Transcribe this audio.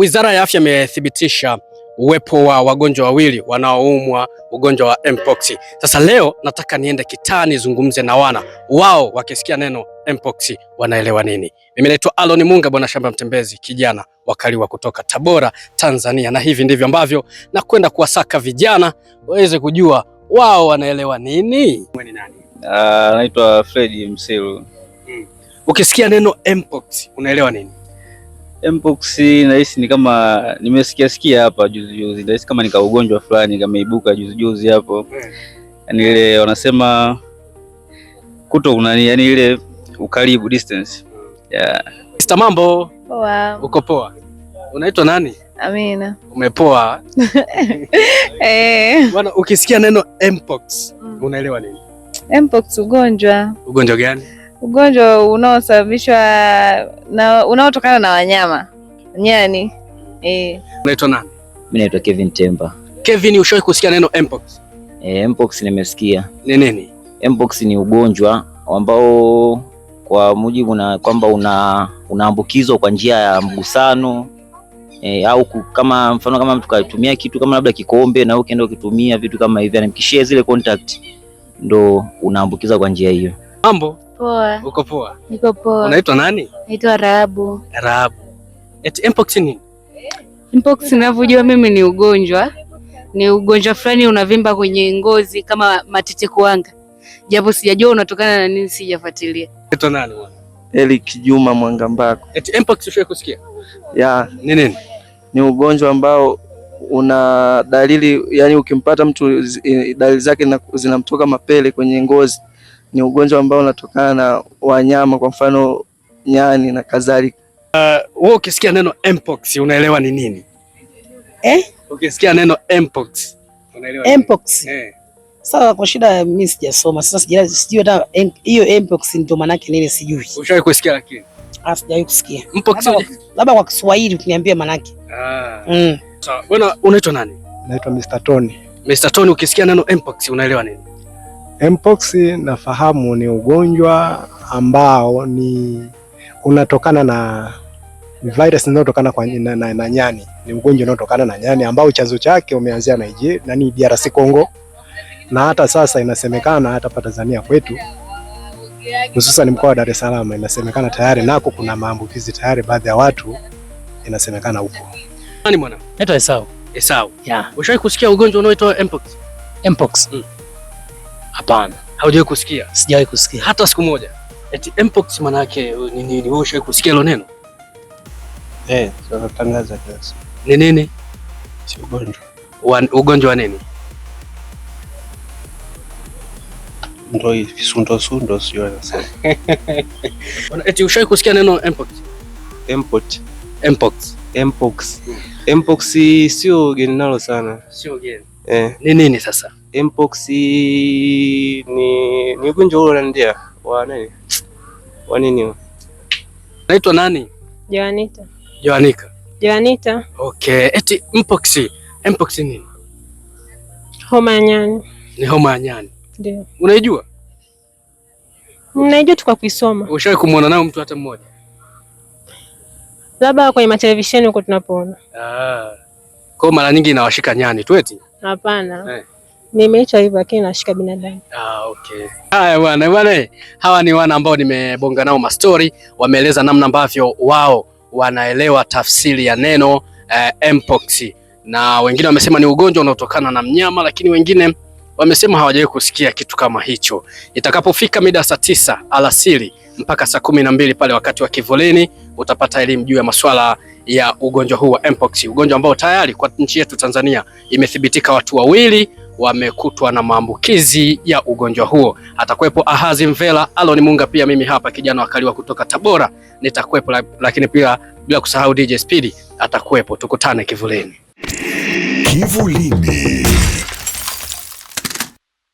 Wizara ya Afya imethibitisha uwepo wa wagonjwa wawili wanaoumwa ugonjwa wa mpox. Sasa leo nataka niende kitaa nizungumze na wana wao, wakisikia neno mpox wanaelewa nini. Mimi naitwa aloni Munga, bwana shamba mtembezi, kijana wakaliwa kutoka Tabora, Tanzania, na hivi ndivyo ambavyo nakwenda kuwasaka vijana waweze kujua wao wanaelewa nini. Mweni nani? Uh, naitwa Fred Msiru. Hmm. Ukisikia neno mpox unaelewa nini? Mpox nahisi ni kama nimesikia sikia hapa juzi juzi, nahisi kama nika ugonjwa fulani kameibuka juzi juzi hapo, mm. yani ile wanasema kuto unani, yani ile ukaribu distance mm. yeah. Mr. Mambo. Wow. Uko poa? Unaitwa nani? Amina. Umepoa. Eh. Bwana ukisikia neno Mpox, mm. unaelewa nini? Mpox ugonjwa. Ugonjwa gani? ugonjwa unaosababishwa na unaotokana na wanyama nyani. Eh, e. nani? Mimi naitwa Kevin Temba. Kevin, ushawahi kusikia neno mpox? E, mpox nimesikia. Ni nini? Mpox ni ugonjwa ambao kwa mujibu na kwamba una unaambukizwa kwa njia ya mgusano e, au kama mfano kama mtu kaitumia kitu kama labda kikombe na ukienda ukitumia vitu kama hivi anamkishia zile contact ndo unaambukiza kwa njia hiyo. Mambo poa. Uko poa? Niko poa. Unaitwa nani? Naitwa Rahabu. Rahabu. Eti mpox nini? Mpox ninavyojua mimi ni ugonjwa, ni ugonjwa fulani unavimba kwenye ngozi kama matete kuanga, japo sijajua unatokana na nini, sijafuatilia. Unaitwa nani bwana? Eric Juma Mwangambako. Eti mpox ushawahi kusikia? Ya, ni nini? Ni ugonjwa ambao una dalili yani, ukimpata mtu dalili zake zinamtoka mapele kwenye ngozi ni ugonjwa ambao unatokana na wanyama, kwa mfano nyani na kadhalika. Uh, wewe ukisikia neno mpox unaelewa ni nini eh? Ukisikia neno mpox unaelewa mpox eh? Sasa kwa shida mimi sijasoma, sasa sijui hata hiyo mpox ndio maana yake nini, sijui. Ushawahi kusikia lakini? Ah, sijawahi kusikia mpox. Labda kwa Kiswahili tuniambie maana yake. Ah. Mm. Sawa, wewe unaitwa nani? Naitwa Mr. Tony. Mr. Tony, ukisikia neno mpox unaelewa nini? Mpox nafahamu ni ugonjwa ambao ni unatokana na virus inayotokana kwa na, na, na nyani. Ni ugonjwa unaotokana na nyani ambao chanzo chake umeanzia Nigeria, nani DRC Congo, na hata sasa inasemekana hata pa Tanzania kwetu hususan mkoa wa Dar es Salaam inasemekana tayari nako kuna maambukizi tayari, baadhi ya watu inasemekana huko. Nani mwana? Naitwa Esau. Esau. Yeah. Ushawahi kusikia ugonjwa unaoitwa Mpox? Mpox. Mm. Hapana, haujawahi kusikia? Sijawahi kusikia hata siku moja. Eti mpox maana yake uh, ni nini? Wewe ushawahi kusikia hilo neno? Eh, tangaza kesi. Ni nini? Si ugonjwa. Wa, Ugonjwa wa nini? Ndio kisundo sundo sio anasema. Bwana Eti ushawahi kusikia neno mpox? Mpox. Mpox. Mpox. Mpox sio geni nalo sana. Sio geni. Eh. Ni nini sasa? Mpox ni ni ugonjwa ule unaendea wa nani? Wa nini? Naitwa nani? Joanita. Joanika. Joanita. Okay, eti mpox. Mpox ni nini? Homa ya nyani. Ni homa ya nyani. Ndio. Unaijua? Naijua tu kwa kuisoma. Ushawahi kumuona nao mtu hata mmoja? Labda kwenye matelevisheni huko tunapoona. Ah. Kwa mara nyingi inawashika nyani tu eti? Hapana eh. Nimeacha hivyo lakini nashika binadamu. Ah, okay. Haya bwana, bwana hawa ni wana ambao nimebonga nao mastori, wameeleza namna ambavyo wao wanaelewa tafsiri ya neno eh, mpox na wengine wamesema ni ugonjwa unaotokana na mnyama, lakini wengine wamesema hawajawahi kusikia kitu kama hicho. Itakapofika mida saa tisa alasiri mpaka saa kumi na mbili pale wakati wa kivulini utapata elimu juu ya masuala ya ugonjwa huu wa mpox, ugonjwa ambao tayari kwa nchi yetu Tanzania imethibitika watu wawili wamekutwa na maambukizi ya ugonjwa huo. Atakuwepo Ahazi Mvela, Alon Munga, pia mimi hapa kijana wakaliwa kutoka Tabora nitakuwepo, lakini pia bila kusahau DJ Speed atakuwepo. Tukutane kivulini, kivulini.